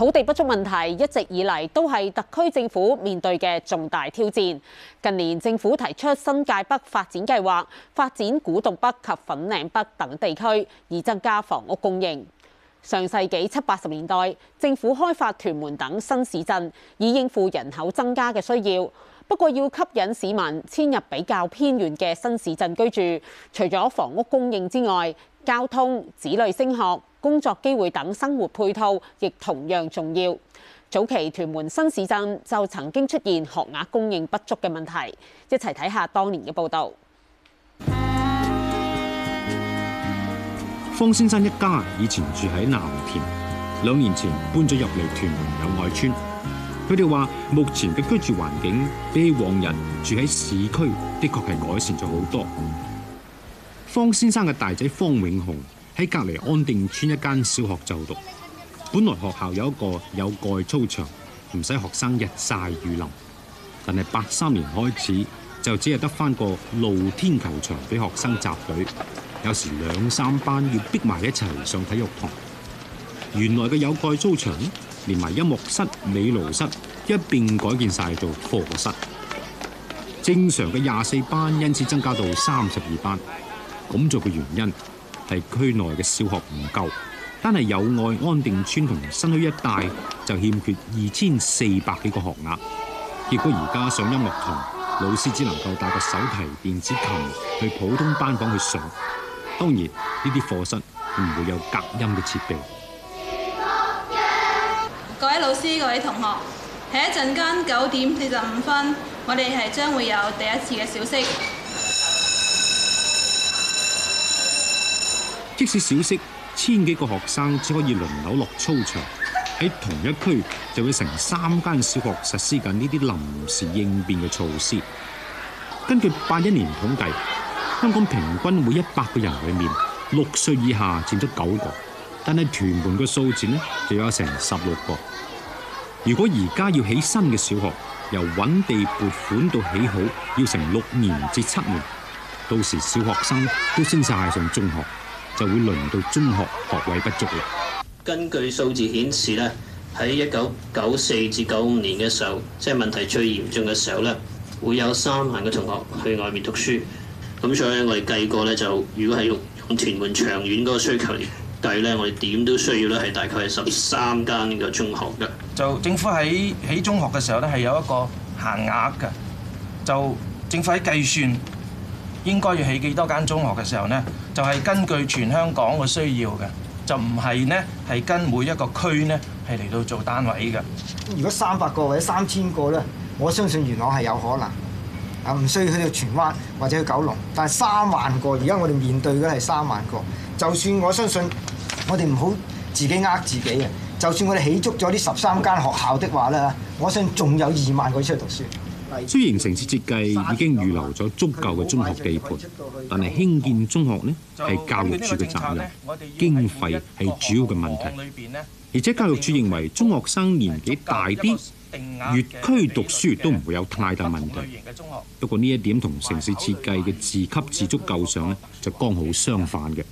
土地不足問題一直以嚟都係特區政府面對嘅重大挑戰。近年政府提出新界北發展計劃，發展古洞北及粉嶺北等地區，以增加房屋供應。上世紀七八十年代，政府開發屯門等新市鎮，以應付人口增加嘅需要。不過要吸引市民遷入比較偏遠嘅新市鎮居住，除咗房屋供應之外，交通、子女升學，工作機會等生活配套亦同樣重要。早期屯門新市鎮就曾經出現學額供應不足嘅問題，一齊睇下當年嘅報導。方先生一家以前住喺南田，兩年前搬咗入嚟屯門友愛村。佢哋話，目前嘅居住環境比起往日住喺市區，的確係改善咗好多。方先生嘅大仔方永雄。喺隔離安定村一間小學就讀，本來學校有一個有蓋操場，唔使學生日曬雨淋。但係八三年開始就只係得翻個露天球場俾學生集隊，有時兩三班要逼埋一齊上體育堂。原來嘅有蓋操場，連埋音樂室、美勞室，一併改建晒做課室。正常嘅廿四班因此增加到三十二班。咁做嘅原因？係區內嘅小學唔夠，但係友愛安定村同新墟一帶就欠缺二千四百幾個學額。結果而家上音樂堂，老師只能夠帶個手提電子琴去普通班房去上。當然呢啲課室唔會有隔音嘅設備。各位老師、各位同學，喺一陣間九點四十五分，我哋係將會有第一次嘅小息。即使小息，千幾個學生只可以輪流落操場。喺同一區就會成三間小學實施緊呢啲臨時應變嘅措施。根據八一年統計，香港平均每一百個人裏面六歲以下佔咗九個，但係屯門嘅數字呢就有成十六個。如果而家要起新嘅小學，由揾地撥款到起好要成六年至七年，到時小學生都先晒上中學。就會輪到中學學位不足啦。根據數字顯示咧，喺一九九四至九五年嘅時候，即係問題最嚴重嘅時候咧，會有三萬嘅同學去外面讀書。咁所以咧，我哋計過咧，就如果係用用屯門長遠嗰個需求嚟計咧，我哋點都需要咧係大概係十三間嘅中學嘅。就政府喺起中學嘅時候咧，係有一個限額嘅。就政府喺計算。應該要起幾多間中學嘅時候呢？就係根據全香港嘅需要嘅，就唔係呢。係跟每一個區呢，係嚟到做單位嘅。如果三百個或者三千個呢，我相信元朗係有可能，啊，唔需要去到荃灣或者去九龍。但係三萬個，而家我哋面對嘅係三萬個，就算我相信我哋唔好自己呃自己啊，就算我哋起足咗呢十三間學校的話呢，我相信仲有二萬個出嚟讀書。雖然城市設計已經預留咗足夠嘅中學地盤，但係興建中學呢係教育署嘅責任，經費係主要嘅問題。而且教育署認為中學生年紀大啲，越區讀書都唔會有太大問題。不過呢一點同城市設計嘅自給自足夠上呢，就剛好相反嘅。